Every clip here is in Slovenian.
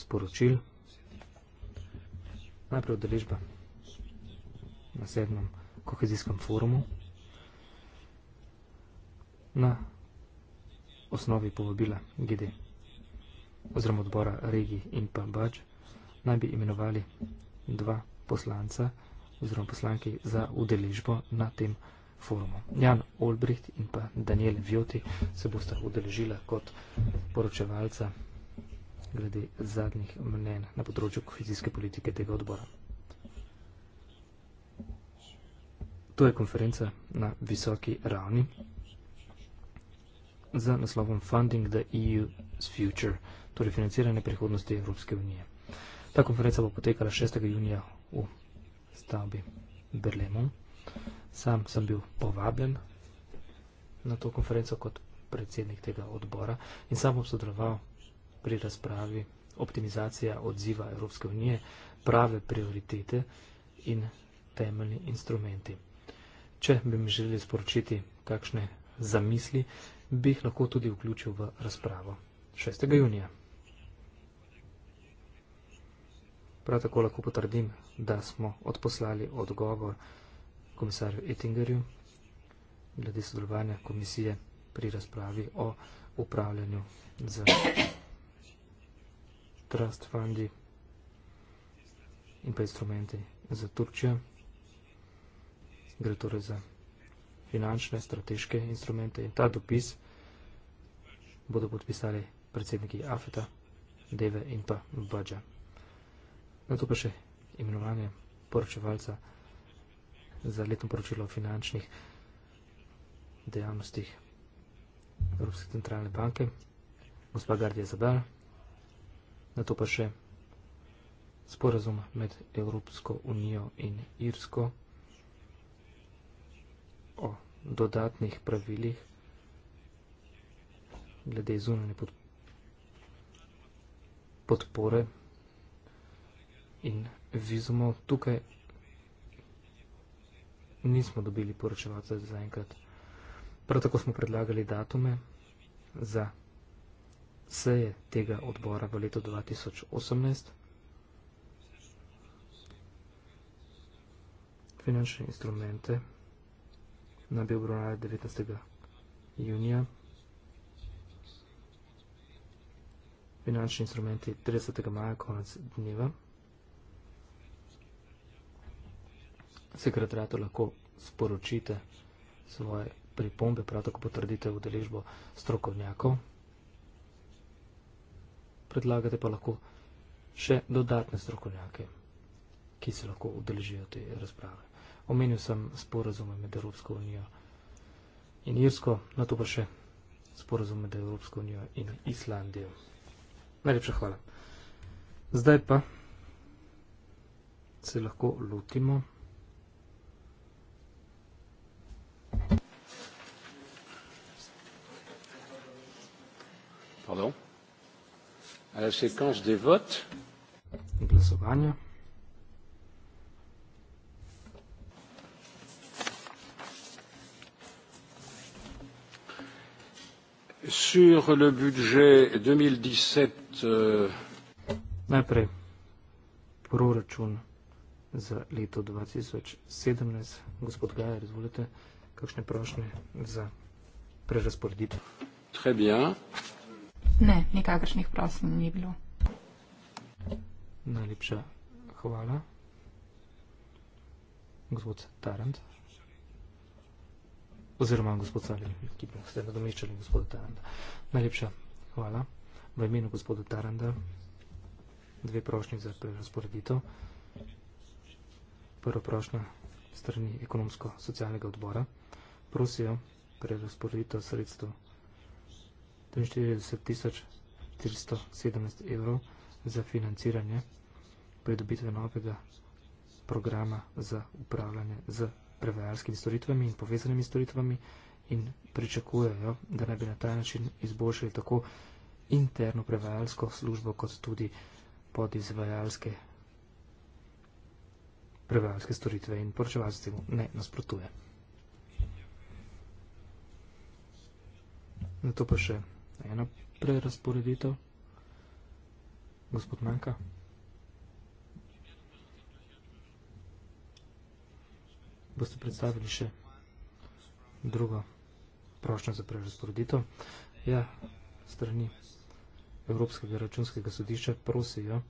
sporočil. Najprej odeležba na sedmem kohezijskem forumu na osnovi povabila GD oziroma odbora Regi in pa Bač naj bi imenovali dva poslanca oziroma poslanki za udeležbo na tem forumu. Jan Olbricht in pa Daniel Vjoti se bosta udeležila kot poročevalca glede zadnjih mnen na področju kohezijske politike tega odbora. To je konferenca na visoki ravni za naslovom Funding the EU's Future, torej financiranje prihodnosti Evropske unije. Ta konferenca bo potekala 6. junija v stavbi Berlemon. Sam sem bil povabljen na to konferenco kot predsednik tega odbora in sam bom sodeloval pri razpravi optimizacija odziva Evropske unije, prave prioritete in temeljni instrumenti. Če bi mi želeli sporočiti kakšne zamisli, bi jih lahko tudi vključil v razpravo 6. junija. Prav tako lahko potrdim, da smo odposlali odgovor komisarju Ettingerju glede sodelovanja komisije pri razpravi o upravljanju z trust fundi in pa instrumenti za Turčijo. Gre torej za finančne, strateške instrumente in ta dopis bodo podpisali predsedniki Afeta, Deve in pa Bađa. Na to pa še imenovanje poročevalca za letno poročilo o finančnih dejavnostih Evropske centralne banke, gospa Gardija Zabela na to pa še sporazum med Evropsko unijo in Irsko o dodatnih pravilih glede zunanje pod podpore in vizumov. Tukaj nismo dobili poročevalca za enkrat. Prav tako smo predlagali datume za seje tega odbora v letu 2018. Finančne instrumente na bi obravnali 19. junija. Finančni instrumenti 30. maja konec dneva. Sekretarjato lahko sporočite svoje pripombe, prav tako potrdite v deležbo strokovnjakov predlagate pa lahko še dodatne strokovnjake, ki se lahko udeležijo te razprave. Omenil sem sporazume med Evropsko unijo in Irsko, na to pa še sporazume med Evropsko unijo in Islandijo. Najlepša hvala. Zdaj pa se lahko lotimo. Hello glasovanja sur le budget deux mille dix sept euh, najprej proračun za leto dva tisoč sedemnajst gospod Gajer izvolite kakšne prošnje za prerazporeditev Très bien. Euh, Ne, nikakršnih prošenj ni bilo. Najlepša hvala. Gospod Tarant. Oziroma, gospod Salim, ki ste nadomeščali gospoda Taranda. Najlepša hvala. V imenu gospoda Taranda dve prošnje za prerasporeditev. Prva prošnja strani ekonomsko-socialnega odbora. Prosijo prerasporeditev sredstev 417 evrov za financiranje pridobitve novega programa za upravljanje z prevajalskimi storitvami in povezanimi storitvami in pričakujejo, da naj bi na ta način izboljšali tako interno prevajalsko službo kot tudi podizvajalske prevajalske storitve in poročevalstvo temu ne nasprotuje. Na to pa še ena prerasporeditev. Gospod Manka. Boste predstavili še drugo prošnjo za prerasporeditev. Ja, strani Evropskega računskega sodišča prosijo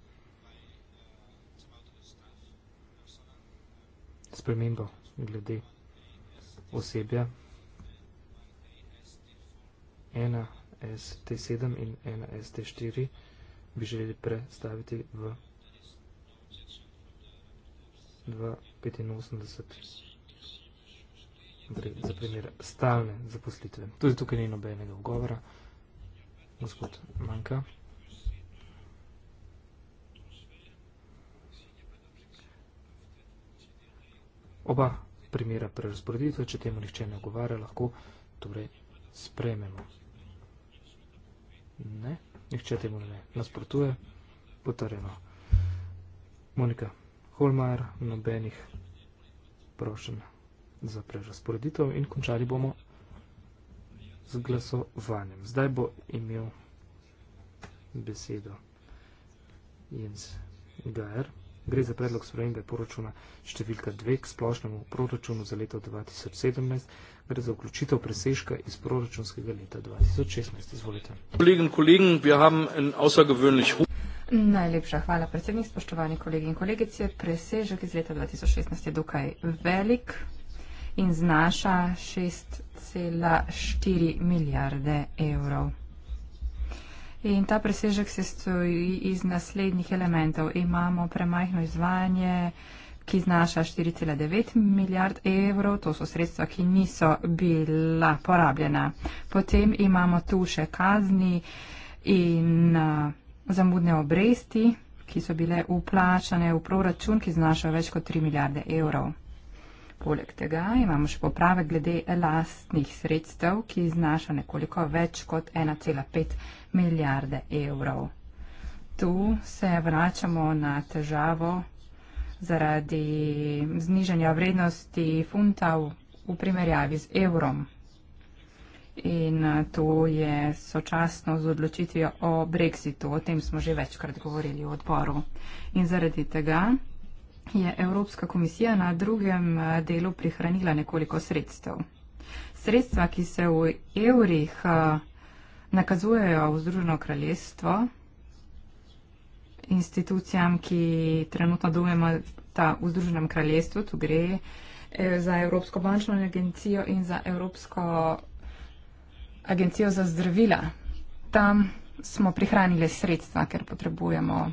spremembo glede osebja. Ena ST7 in ena ST4 bi želeli prestaviti v 2.85 za primer stalne zaposlitve. Tudi tukaj ni nobenega ugovora. Gospod manjka. Oba primera prerazporeditve, če temu nihče ne ugovarja, lahko torej sprejmemo. Ne, nihče temu ne nasprotuje, potrjeno. Monika Holmajer, nobenih prošen za prerasporeditev in končali bomo z glasovanjem. Zdaj bo imel besedo Jens Gajer. Gre za predlog spremembe poročuna številka 2 k splošnemu proračunu za leto 2017, gre za vključitev presežka iz proračunskega leta 2016. Izvolite. Najlepša hvala, predsednik. Spoštovani kolegi in kolegice, presežek iz leta 2016 je dokaj velik in znaša 6,4 milijarde evrov. In ta presežek se stoji iz naslednjih elementov. Imamo premajhno izvajanje, ki znaša 4,9 milijard evrov, to so sredstva, ki niso bila porabljena. Potem imamo tu še kazni in uh, zamudne obresti, ki so bile uplačane v proračun, ki znašajo več kot 3 milijarde evrov. Poleg tega imamo še poprave glede lastnih sredstev, ki znaša nekoliko več kot 1,5 milijarde evrov. Tu se vračamo na težavo zaradi znižanja vrednosti funta v, v primerjavi z evrom. In to je sočasno z odločitvijo o brexitu, o tem smo že večkrat govorili v odboru. In zaradi tega je Evropska komisija na drugem eh, delu prihranila nekoliko sredstev. Sredstva, ki se v evrih eh, nakazujejo v Združeno kraljestvo, institucijam, ki trenutno dojemo ta v Združenem kraljestvu, tu gre eh, za Evropsko bančno agencijo in za Evropsko agencijo za zdravila. Tam smo prihranili sredstva, ker potrebujemo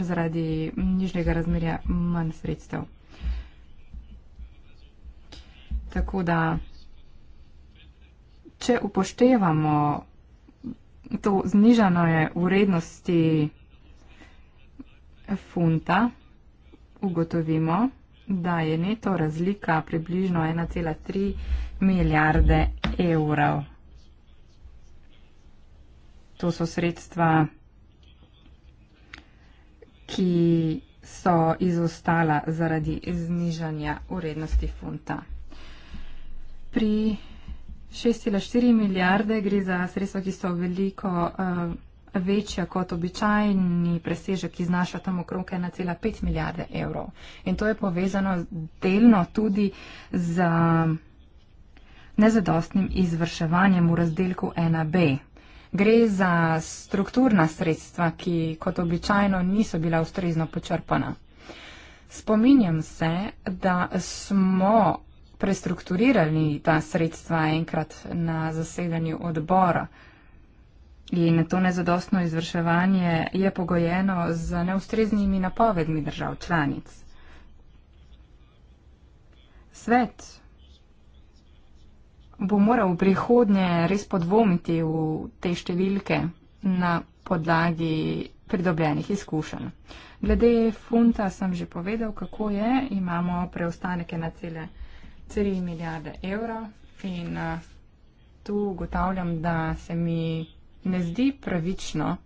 zaradi nižjega razmerja manj sredstev. Tako da, če upoštevamo to znižano je vrednosti funta, ugotovimo, da je neto razlika približno 1,3 milijarde evrov. To so sredstva ki so izostala zaradi znižanja vrednosti funta. Pri 6,4 milijarde gre za sredstva, ki so veliko uh, večja kot običajni presežek, ki znaša tam okrog 1,5 milijarde evrov. In to je povezano delno tudi z nezadostnim izvrševanjem v razdelku 1B, Gre za strukturna sredstva, ki kot običajno niso bila ustrezno počrpana. Spominjam se, da smo prestrukturirali ta sredstva enkrat na zasedanju odbora in to nezadostno izvrševanje je pogojeno z neustreznimi napovedmi držav članic. Svet bo moral v prihodnje res podvomiti v te številke na podlagi pridobljenih izkušenj. Glede funta sem že povedal, kako je. Imamo preostaneke na cele 3 milijarde evra in eh, tu ugotavljam, da se mi ne zdi pravično,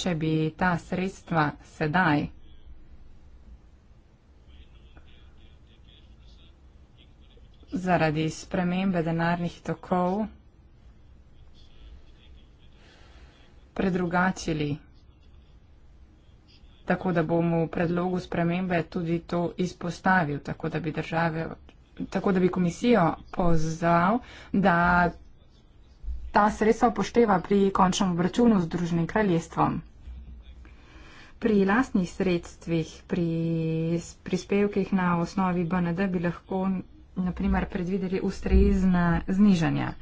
če bi ta sredstva sedaj zaradi spremembe denarnih tokov predrugačili, tako da bom v predlogu spremembe tudi to izpostavil, tako da bi države, tako da bi komisijo pozval, da ta sredstva upošteva pri končnem obračunu z družnim kraljestvom. Pri lastnih sredstvih, pri prispevkih na osnovi BND bi lahko naprimer, predvideli ustrezna znižanja.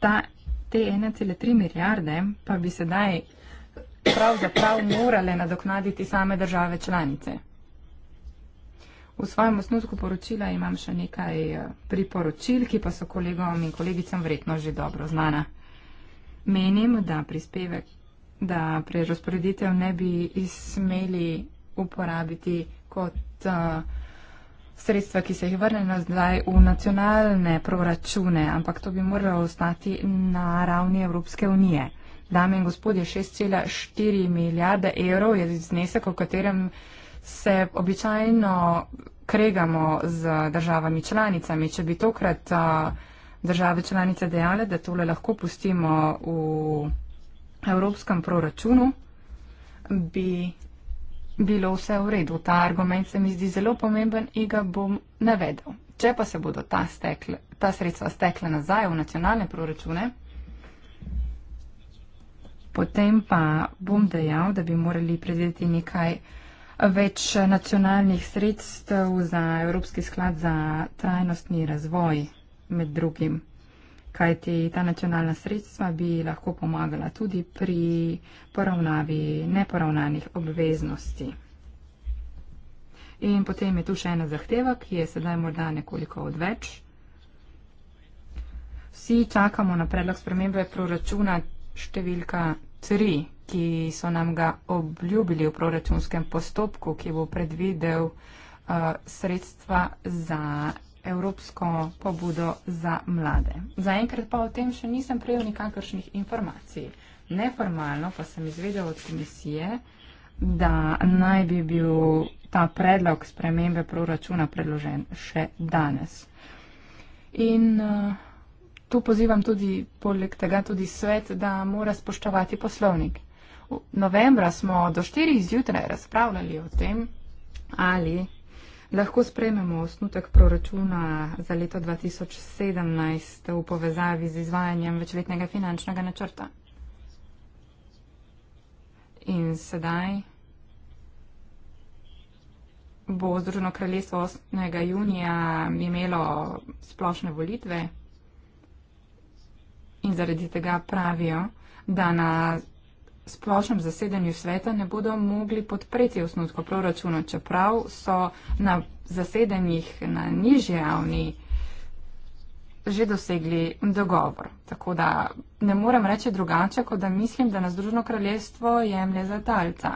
Ta, te 1,3 milijarde pa bi sedaj pravzaprav morale nadoknaditi same države članice. V svojem osnutku poročila imam še nekaj eh, priporočil, ki pa so kolegom in kolegicam vredno že dobro znana. Menim, da prispevek, da prerozporeditev ne bi smeli uporabiti kot uh, sredstva, ki se jih vrne nazaj v nacionalne proračune, ampak to bi moralo ostati na ravni Evropske unije. Dame in gospodje, 6,4 milijarde evrov je znesek, o katerem se običajno kregamo z državami članicami. Če bi tokrat države članice dejale, da tole lahko pustimo v evropskem proračunu, bi bilo vse v redu. Ta argument se mi zdi zelo pomemben in ga bom navedel. Če pa se bodo ta, stekle, ta sredstva stekla nazaj v nacionalne proračune, potem pa bom dejal, da bi morali predvideti nekaj več nacionalnih sredstev za Evropski sklad za trajnostni razvoj, med drugim kajti ta nacionalna sredstva bi lahko pomagala tudi pri poravnavi neporavnanih obveznosti. In potem je tu še ena zahteva, ki je sedaj morda nekoliko odveč. Vsi čakamo na predlog spremembe proračuna številka 3, ki so nam ga obljubili v proračunskem postopku, ki bo predvidel uh, sredstva za evropsko pobudo za mlade. Zaenkrat pa o tem še nisem prejel nikakršnih informacij. Neformalno pa sem izvedel od komisije, da naj bi bil ta predlog spremembe proračuna predložen še danes. In uh, tu pozivam tudi, poleg tega tudi svet, da mora spoštovati poslovnik. Novembra smo do 4 zjutraj razpravljali o tem, ali lahko sprememo osnutek proračuna za leto 2017 v povezavi z izvajanjem večletnega finančnega načrta. In sedaj bo Združeno kraljestvo 8. junija imelo splošne volitve in zaradi tega pravijo, da na splošnem zasedanju sveta ne bodo mogli podpreti osnutka proračuna, čeprav so na zasedanjih na nižji ravni že dosegli dogovor. Tako da ne morem reči drugače, kot da mislim, da nas Združeno kraljestvo jemlje za talca.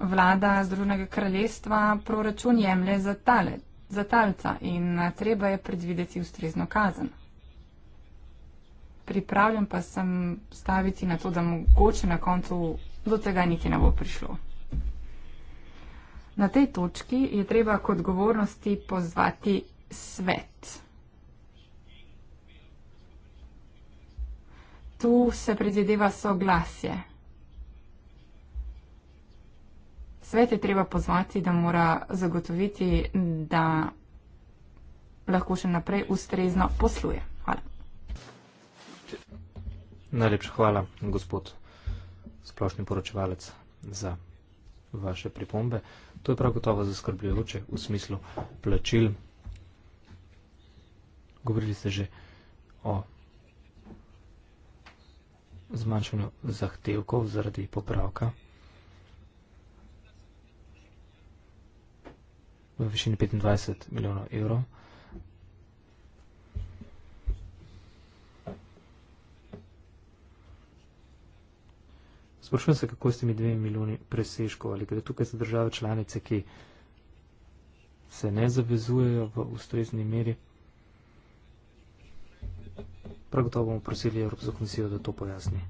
Vlada Združenega kraljestva proračun jemlje za, tale, za talca in treba je predvideti ustrezno kazen pripravljen pa sem staviti na to, da mogoče na koncu do tega niti ne bo prišlo. Na tej točki je treba k odgovornosti pozvati svet. Tu se predvideva soglasje. Svet je treba pozvati, da mora zagotoviti, da lahko še naprej ustrezno posluje. Najlepša hvala, gospod splošni poročevalec, za vaše pripombe. To je prav gotovo zaskrbljujoče v smislu plačil. Govorili ste že o zmanjšanju zahtevkov zaradi popravka v višini 25 milijonov evrov. Sprašujem se, kako ste mi dve milijoni presežkov ali gre tukaj za države članice, ki se ne zavezujejo v ustrezni meri. Prav gotovo bomo prosili Evropsko komisijo, da to pojasni.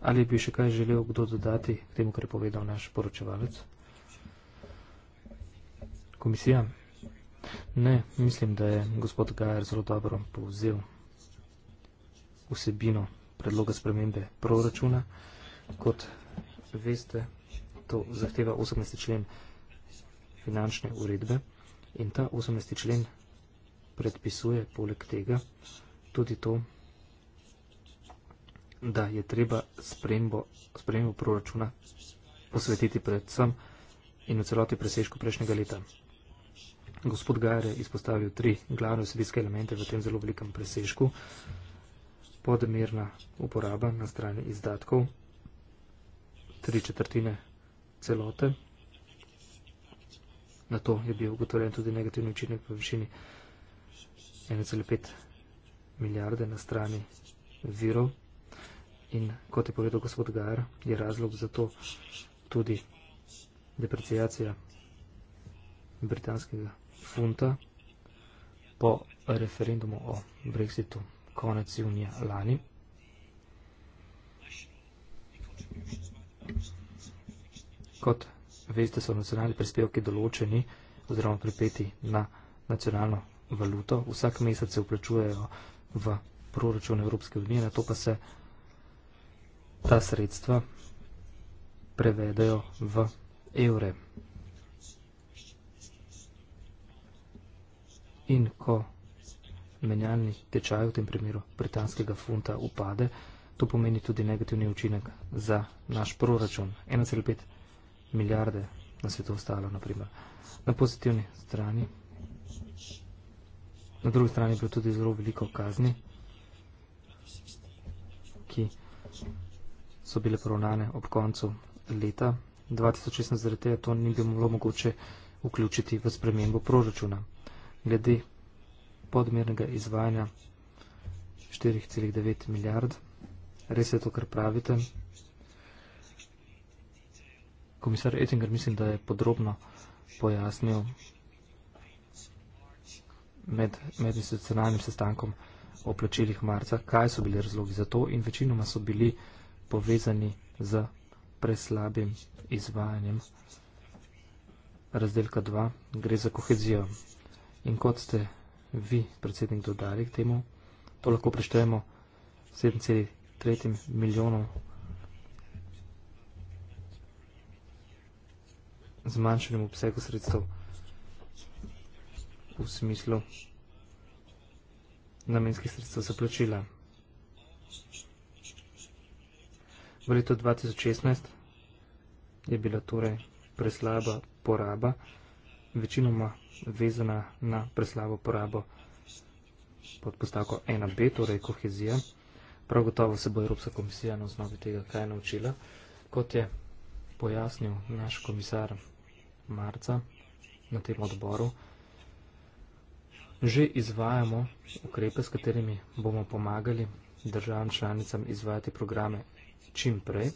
Ali bi še kaj želel kdo dodati k temu, kar je povedal naš poročevalec? Komisija? Ne, mislim, da je gospod Gajer zelo dobro povzel vsebino predloga spremembe proračuna. Kot veste, to zahteva 18. člen finančne uredbe in ta 18. člen predpisuje poleg tega tudi to, da je treba spremembo, spremembo proračuna posvetiti predvsem in v celoti presežku prejšnjega leta. Gospod Gajer je izpostavil tri glavne vsebinske elemente v tem zelo velikem presežku podmerna uporaba na strani izdatkov, tri četrtine celote. Na to je bil ugotovljen tudi negativni učinek v višini 1,5 milijarde na strani virov. In kot je povedal gospod Gajer, je razlog za to tudi deprecijacija britanskega funta po referendumu o Brexitu konec junija lani. Kot veste, so nacionalni prispevki določeni oziroma pripeti na nacionalno valuto. Vsak mesec se uplačujejo v proračun Evropske unije, na to pa se ta sredstva prevedajo v evre. In ko menjalni tečaj v tem primeru britanskega funta upade, to pomeni tudi negativni učinek za naš proračun. 1,5 milijarde nas je to ostalo, naprimer. Na pozitivni strani. Na drugi strani je bilo tudi zelo veliko kazni, ki so bile poravnane ob koncu leta 2016, zaradi tega to ni bilo mogoče vključiti v spremembo proračuna. Glede podmernega izvajanja 4,9 milijard. Res je to, kar pravite. Komisar Ettinger mislim, da je podrobno pojasnil med, med institucionalnim sestankom o plačilih marca, kaj so bili razlogi za to in večinoma so bili povezani z preslabim izvajanjem razdelka 2, gre za kohezijo. In kot ste vi, predsednik, dodali k temu. To lahko preštejemo 7,3 milijonov zmanjšanjem obsegu sredstev v smislu namenskih sredstev za plačila. V letu 2016 je bila torej preslaba poraba večinoma vezana na preslavo porabo pod postavko 1b, torej kohezija. Prav gotovo se bo Evropska komisija na osnovi tega kaj naučila. Kot je pojasnil naš komisar Marca na tem odboru, že izvajamo ukrepe, s katerimi bomo pomagali državam članicam izvajati programe čim prej.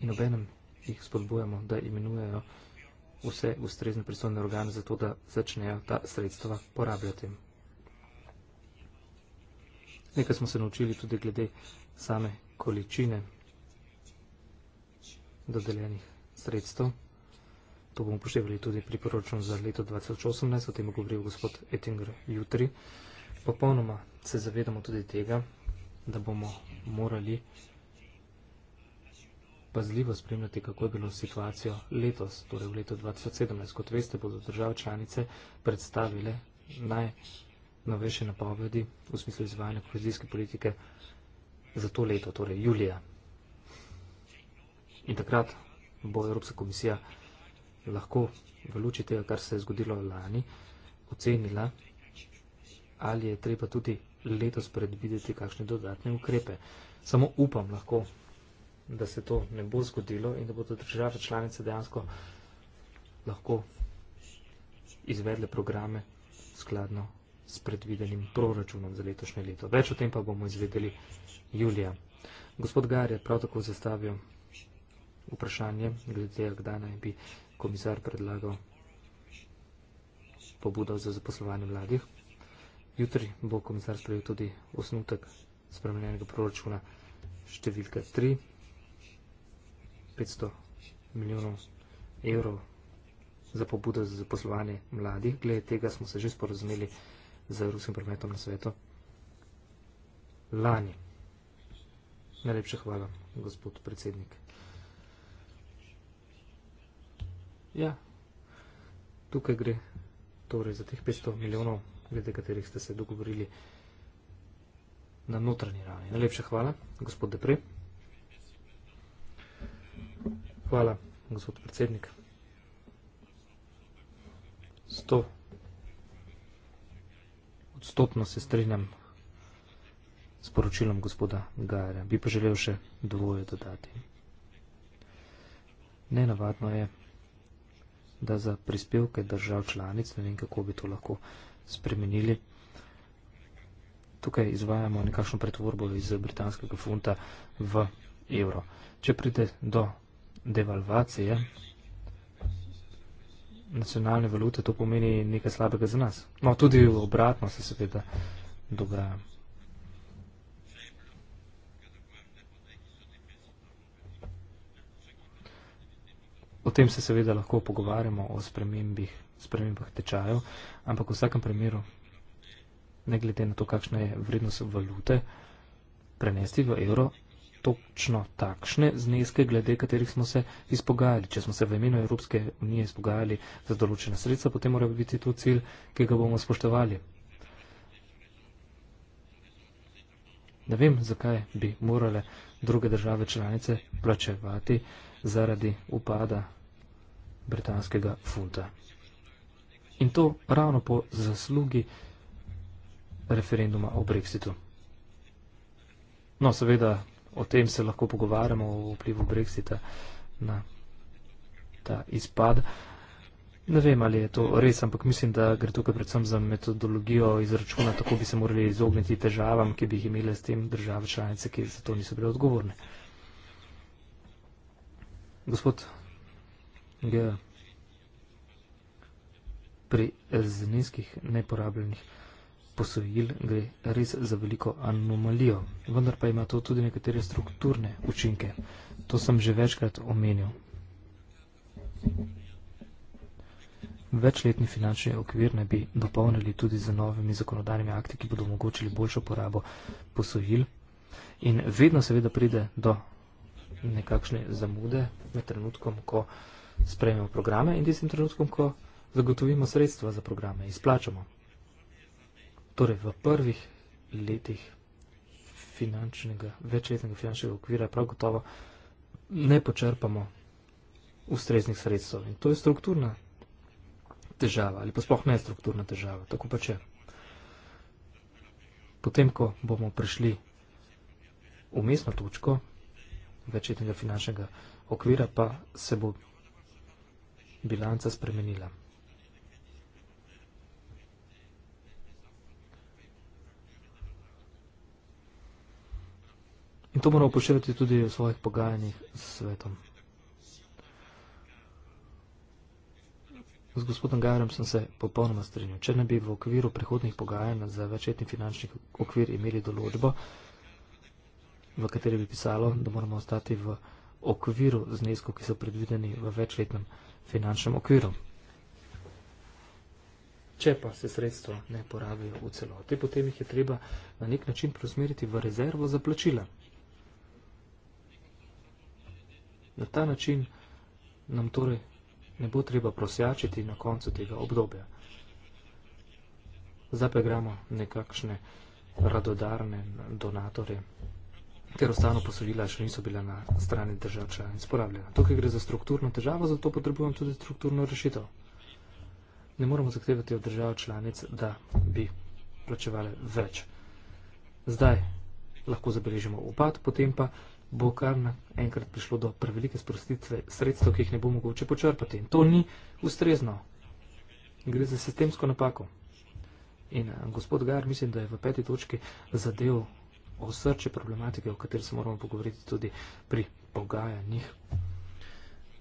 In obenem jih spodbujamo, da imenujejo vse ustrezne pristojne organe za to, da začnejo ta sredstva porabljati. Nekaj smo se naučili tudi glede same količine dodeljenih sredstev. To bomo poštevali tudi pri poročnju za leto 2018, o tem govoril gospod Ettinger jutri. Popolnoma se zavedamo tudi tega, da bomo morali pazljivo spremljati, kako je bilo situacijo letos, torej v letu 2017. Kot veste, bodo države članice predstavile najnovejše napovedi v smislu izvajanja kohezijske politike za to leto, torej julija. In takrat bo Evropska komisija lahko v luči tega, kar se je zgodilo lani, ocenila, ali je treba tudi letos predvideti kakšne dodatne ukrepe. Samo upam lahko, da se to ne bo zgodilo in da bodo države članice dejansko lahko izvedle programe skladno s predvidenim proračunom za letošnje leto. Več o tem pa bomo izvedeli julija. Gospod Gar je prav tako zastavil vprašanje glede tega, kdaj naj bi komisar predlagal pobudo za zaposlovanje mladih. Jutri bo komisar sprejel tudi osnutek spremenjenega proračuna številka 3. 500 milijonov evrov za pobudo za zaposlovanje mladih. Glede tega smo se že sporozumeli z Ruskim prometom na svetu lani. Najlepša hvala, gospod predsednik. Ja, tukaj gre torej za teh 500 milijonov, glede katerih ste se dogovorili na notranji ravni. Najlepša hvala, gospod Depre. Hvala, gospod predsednik. Sto odstopno se strinjam s poročilom gospoda Gajera. Bi pa želel še dvoje dodati. Nenavadno je, da za prispevke držav članic, ne vem kako bi to lahko spremenili, tukaj izvajamo nekakšno pretvorbo iz britanskega funta v evro. Če pride do devalvacije nacionalne valute, to pomeni nekaj slabega za nas. No, tudi obratno se seveda dogaja. O tem se seveda lahko pogovarjamo o spremembih, spremembah tečajev, ampak v vsakem primeru, ne glede na to, kakšna je vrednost valute, prenesti v evro točno takšne zneske, glede katerih smo se izpogajali. Če smo se v imenu Evropske unije izpogajali za določene sredstva, potem mora biti to cilj, ki ga bomo spoštovali. Ne vem, zakaj bi morale druge države članice plačevati zaradi upada britanskega funta. In to ravno po zaslugi referenduma o Brexitu. No, seveda, o tem se lahko pogovarjamo o vplivu Brexita na ta izpad. Ne vem, ali je to res, ampak mislim, da gre tukaj predvsem za metodologijo izračuna, tako bi se morali izogniti težavam, ki bi jih imele s tem države članice, ki za to niso bile odgovorne. Gospod G. Pri zeninskih neporabljenih posojil gre res za veliko anomalijo, vendar pa ima to tudi nekatere strukturne učinke. To sem že večkrat omenil. Večletni finančni okvir naj bi dopolnili tudi z novimi zakonodajnimi akti, ki bodo omogočili boljšo porabo posojil. In vedno seveda pride do nekakšne zamude med trenutkom, ko sprejmemo programe in tistim trenutkom, ko zagotovimo sredstva za programe, izplačamo torej v prvih letih finančnega, večletnega finančnega okvira prav gotovo ne počrpamo ustreznih sredstev. In to je strukturna težava ali pa sploh ne strukturna težava. Tako pa če. Potem, ko bomo prišli v mestno točko večletnega finančnega okvira, pa se bo bilanca spremenila. In to moramo upoštevati tudi v svojih pogajanjih s svetom. Z gospodom Gajerem sem se popolnoma strinjal. Če ne bi v okviru prihodnih pogajanj za večletni finančni okvir imeli določbo, v kateri bi pisalo, da moramo ostati v okviru znesko, ki so predvideni v večletnem finančnem okviru. Če pa se sredstvo ne porabijo v celoti, potem jih je treba na nek način prosmeriti v rezervo za plačila. Na ta način nam torej ne bo treba prosjačiti na koncu tega obdobja. Zdaj pa gremo nekakšne radodarne donatore, ker ostano posojila še niso bila na strani držav članic sporabljena. Tukaj gre za strukturno težavo, zato potrebujemo tudi strukturno rešitev. Ne moramo zahtevati od držav članic, da bi plačevali več. Zdaj lahko zabeležimo upad, potem pa bo kar naenkrat prišlo do prevelike sprostitve sredstev, ki jih ne bo mogoče počrpati. In to ni ustrezno. Gre za sistemsko napako. In eh, gospod Gar, mislim, da je v peti točki zadev osrče problematike, o kateri se moramo pogovoriti tudi pri pogajanjih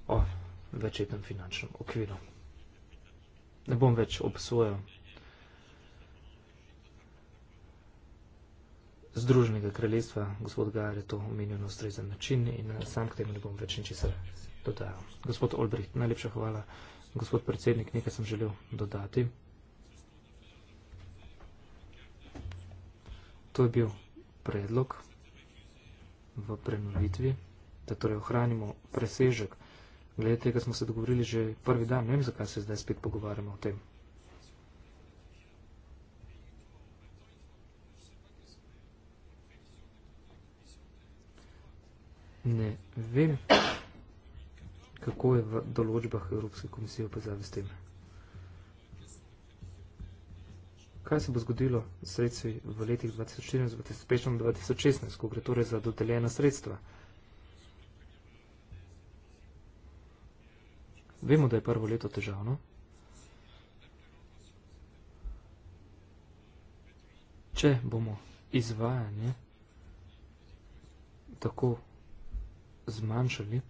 o večetnem finančnem okviru. Ne bom več obsojal Združenega kraljestva, gospod Gajer je to omenil na ustrezen način in eh, sam k temu ne bom več ničesar dodajal. Gospod Olbricht, najlepša hvala. Gospod predsednik, nekaj sem želel dodati. To je bil predlog v prenovitvi, da torej ohranimo presežek. Glede tega smo se dogovorili že prvi dan, ne vem, zakaj se zdaj spet pogovarjamo o tem. ne vem, kako je v določbah Evropske komisije opazali s tem. Kaj se bo zgodilo s sredstvi v letih 2014-2016, ko gre torej za dodeljena sredstva? Vemo, da je prvo leto težavno. Če bomo izvajanje tako zmanjšali,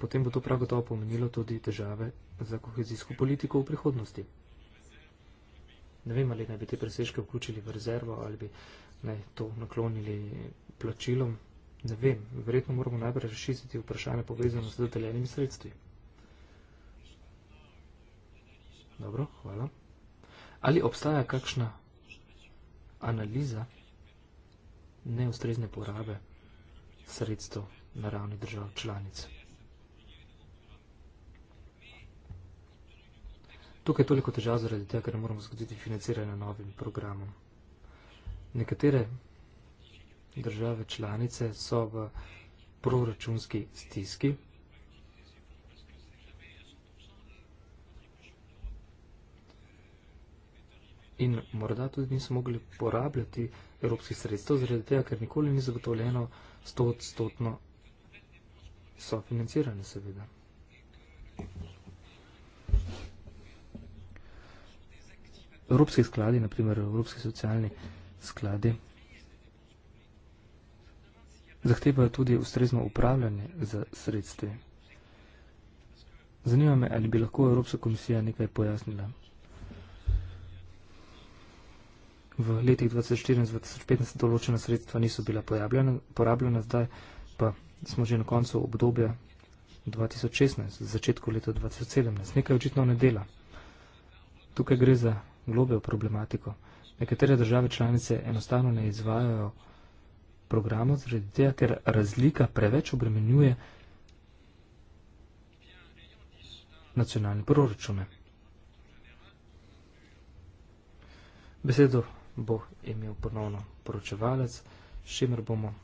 potem bo to prav gotovo pomenilo tudi težave za kohezijsko politiko v prihodnosti. Ne vem, ali naj bi te presežke vključili v rezervo ali bi naj to naklonili plačilom. Ne vem, verjetno moramo najprej rešiti vprašanje povezano s dodeljenimi sredstvi. Dobro, hvala. Ali obstaja kakšna analiza neustrezne porabe sredstev na ravni držav članic. Tukaj je toliko težav zaradi tega, ker ne moramo zgoditi financiranja novim programom. Nekatere države članice so v proračunski stiski. In morda tudi niso mogli porabljati evropskih sredstev, zaradi tega, ker nikoli ni zagotovljeno 100-odstotno sofinancirane seveda. Evropski skladi, naprimer Evropski socialni skladi, zahtevajo tudi ustrezno upravljanje za sredstvi. Zanima me, ali bi lahko Evropska komisija nekaj pojasnila. V letih 2014-2015 določena sredstva niso bila porabljena, zdaj pa ljena smo že na koncu obdobja 2016, začetku leta 2017. Nekaj očitno ne dela. Tukaj gre za globe v problematiko. Nekatere države članice enostavno ne izvajajo programov zaradi tega, ker razlika preveč obremenjuje nacionalne proračune. Besedo bo imel ponovno poročevalec, s čimer bomo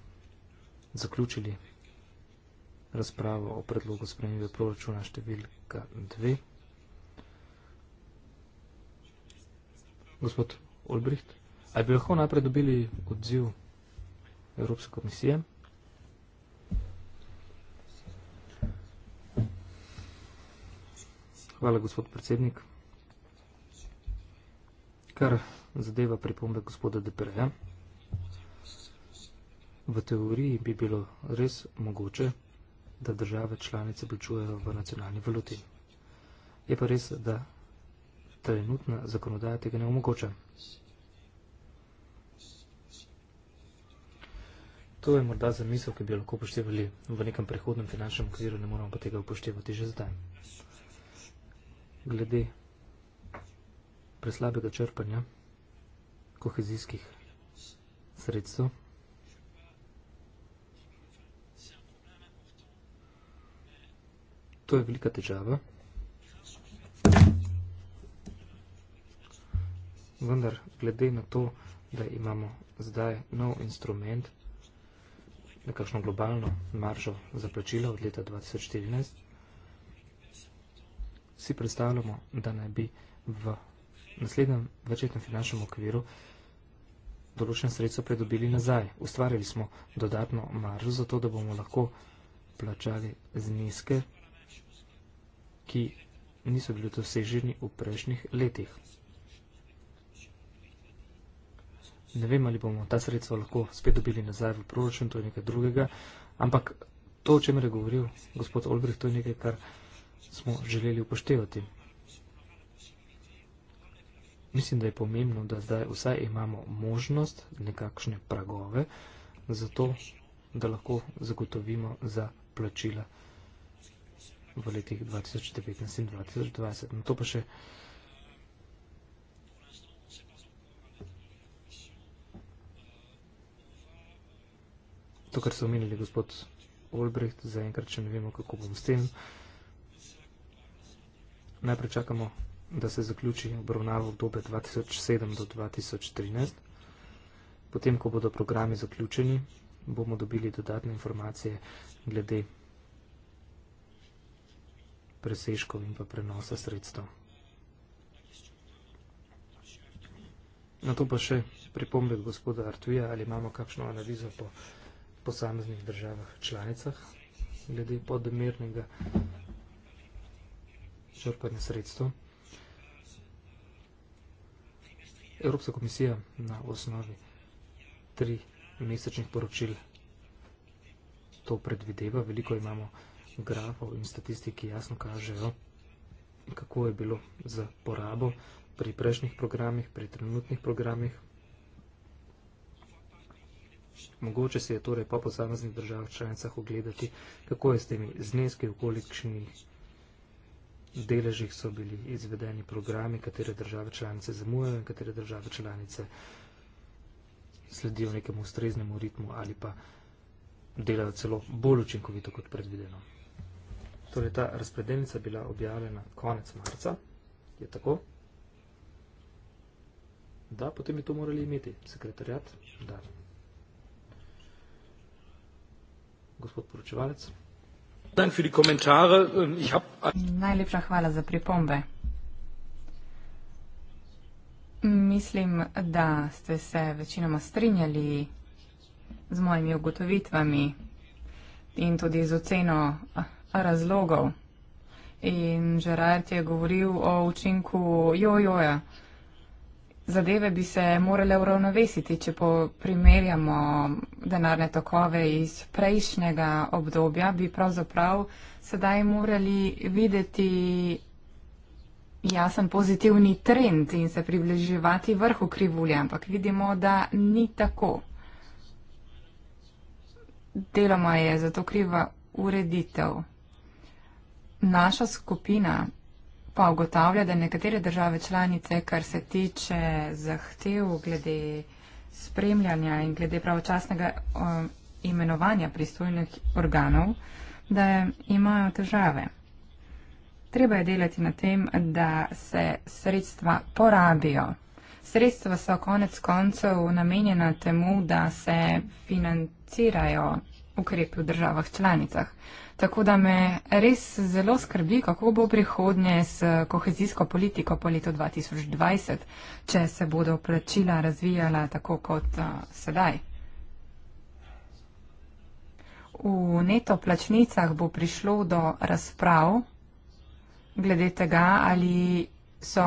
zaključili razpravo o predlogu spremembe proračuna številka 2. Gospod Olbricht, ali bi lahko najprej dobili odziv Evropske komisije? Hvala, gospod predsednik. Kar zadeva pripombe gospoda Depreja, v teoriji bi bilo res mogoče da države članice plačujejo v nacionalni valuti. Je pa res, da trenutna zakonodaja tega ne omogoča. To je morda zamisel, ki bi jo lahko upoštevali v nekem prehodnem finančnem okviru, ne moramo pa tega upoštevati že zdaj. Glede preslabega črpanja kohezijskih sredstev. To je velika težava. Vendar, glede na to, da imamo zdaj nov instrument, nekakšno globalno maržo za plačila od leta 2014, si predstavljamo, da naj bi v naslednjem večetnem finančnem okviru določen sredstvo predobili nazaj. Ustvarili smo dodatno maržo, zato da bomo lahko plačali zniske, ki niso bili doseženi v prejšnjih letih. Ne vem, ali bomo ta sredstva lahko spet dobili nazaj v proračun, to je nekaj drugega, ampak to, o čem je govoril gospod Olbrich, to je nekaj, kar smo želeli upoštevati. Mislim, da je pomembno, da zdaj vsaj imamo možnost nekakšne pragove, zato da lahko zagotovimo za plačila v letih 2019 in 2020. Na to pa še to, kar so omenili gospod Olbrecht, zaenkrat še ne vemo, kako bomo s tem. Najprej čakamo, da se zaključi obravnava obdobja 2007 do 2013. Potem, ko bodo programi zaključeni, bomo dobili dodatne informacije glede presežkov in pa prenosa sredstev. Na to pa še pripombe gospoda Artuja, ali imamo kakšno analizo po posameznih državah članicah glede podmernega črpanja sredstev. Evropska komisija na osnovi tri mesečnih poročil to predvideva, veliko imamo grafov in statistiki jasno kažejo, kako je bilo za porabo pri prejšnjih programih, pri trenutnih programih. Mogoče se je torej po posameznih državah članicah ogledati, kako je s temi zneski, v kolikšnih deležih so bili izvedeni programi, katere države članice zamujajo in katere države članice sledijo nekemu ustreznemu ritmu ali pa delajo celo bolj učinkovito kot predvideno. Torej, ta razpredeljnica bila objavljena konec marca, je tako, da potem bi to morali imeti sekretarjat, da. Gospod poročevalec. Najlepša hvala za pripombe. Mislim, da ste se večinoma strinjali z mojimi ugotovitvami in tudi z oceno razlogov. In Žerard je govoril o učinku jojoja. Zadeve bi se morale uravnovesiti, če primerjamo denarne tokove iz prejšnjega obdobja, bi pravzaprav sedaj morali videti jasen pozitivni trend in se približevati vrhu krivulje, ampak vidimo, da ni tako. Deloma je zato kriva ureditev naša skupina pa ugotavlja, da nekatere države članice, kar se tiče zahtev glede spremljanja in glede pravočasnega um, imenovanja pristojnih organov, da imajo težave. Treba je delati na tem, da se sredstva porabijo. Sredstva so konec koncev namenjena temu, da se financirajo ukrepi v državah članicah. Tako da me res zelo skrbi, kako bo prihodnje s kohezijsko politiko po letu 2020, če se bodo plačila razvijala tako kot uh, sedaj. V neto plačnicah bo prišlo do razprav glede tega, ali so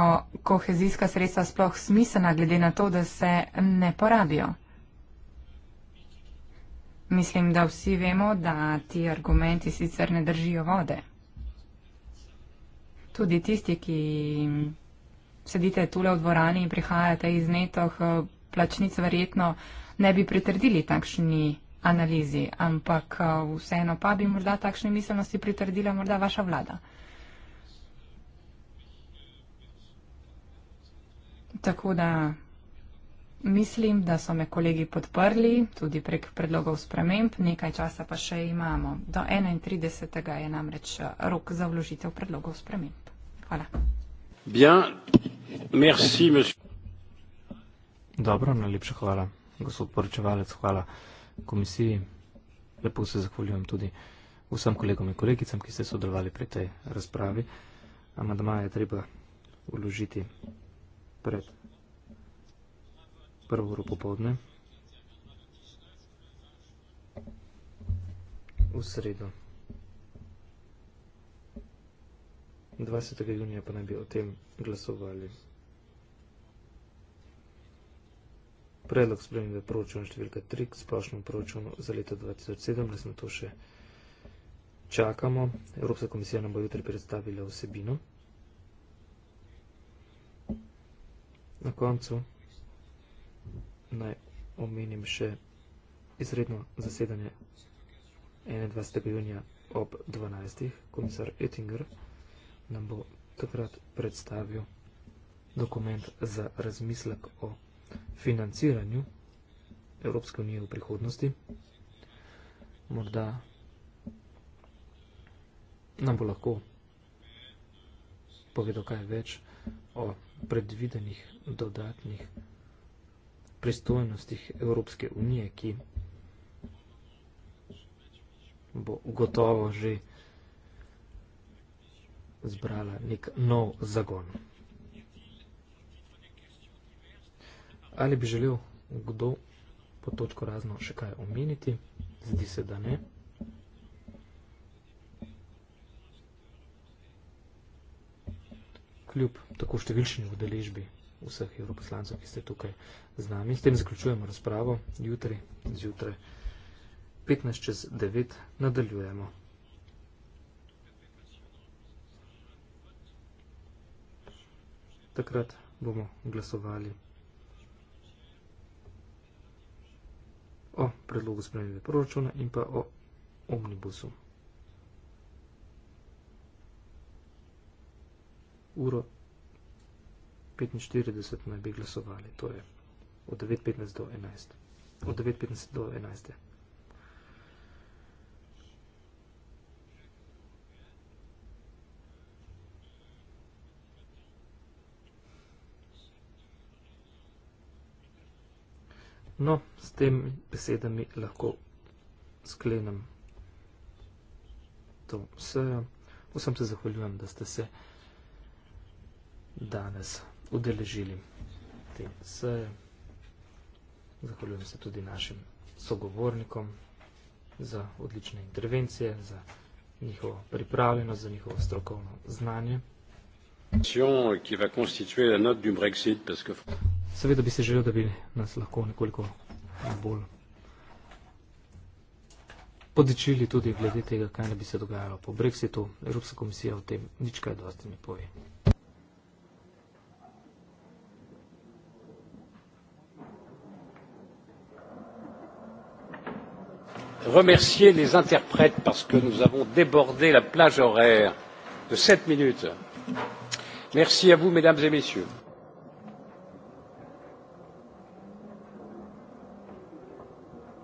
kohezijska sredstva sploh smiselna, glede na to, da se ne porabijo. Mislim, da vsi vemo, da ti argumenti sicer ne držijo vode. Tudi tisti, ki sedite tule v dvorani in prihajate iz netoh, plačnic verjetno ne bi pritrdili takšni analizi, ampak vseeno pa bi morda takšne miselnosti pritrdila morda vaša vlada. Tako da Mislim, da so me kolegi podprli tudi prek predlogov sprememb, nekaj časa pa še imamo. Do 31. je namreč eh, rok za vložitev predlogov sprememb. Hvala. Bien. Merci, Dobro, najlepša hvala. Gospod poročevalec, hvala komisiji. Lepo se zahvaljujem tudi vsem kolegom in kolegicam, ki ste sodelovali pri tej razpravi. Amadma je treba vložiti pred prvo uro popovdne, v sredo. 20. junija pa naj bi o tem glasovali. Predlog spremembe proračuna številka 3 k splošnemu proračunu za leto 2017, na to še čakamo. Evropska komisija nam bo jutri predstavila vsebino. Na koncu naj omenim še izredno zasedanje 21. junija ob 12. komisar Ettinger nam bo takrat predstavil dokument za razmislek o financiranju Evropske unije v prihodnosti. Morda nam bo lahko povedal kaj več o predvidenih dodatnih pristojnostih Evropske unije, ki bo gotovo že zbrala nek nov zagon. Ali bi želel kdo po točko razno še kaj omeniti? Zdi se, da ne. Kljub tako številčni udeležbi vseh evroposlancev, ki ste tukaj z nami. S tem zaključujemo razpravo. Jutri zjutraj 15 čez 9 nadaljujemo. Takrat bomo glasovali o predlogu spremljive proračuna in pa o omnibusu. Uro 15.09. 45 naj bi glasovali, to je od 9.15 do 11. Od 9.15 do 11. No, s temi besedami lahko sklenem to sejo. Vsem se zahvaljujem, da ste se danes udeležili te seje. Zahvaljujem se tudi našim sogovornikom za odlične intervencije, za njihovo pripravljenost, za njihovo strokovno znanje. Seveda bi se želel, da bi nas lahko nekoliko bolj podičili tudi glede tega, kaj ne bi se dogajalo po Brexitu. Evropska komisija o tem nič kaj dosti ne pove. remercier les interprètes parce que nous avons débordé la plage horaire de sept minutes. merci à vous mesdames et messieurs.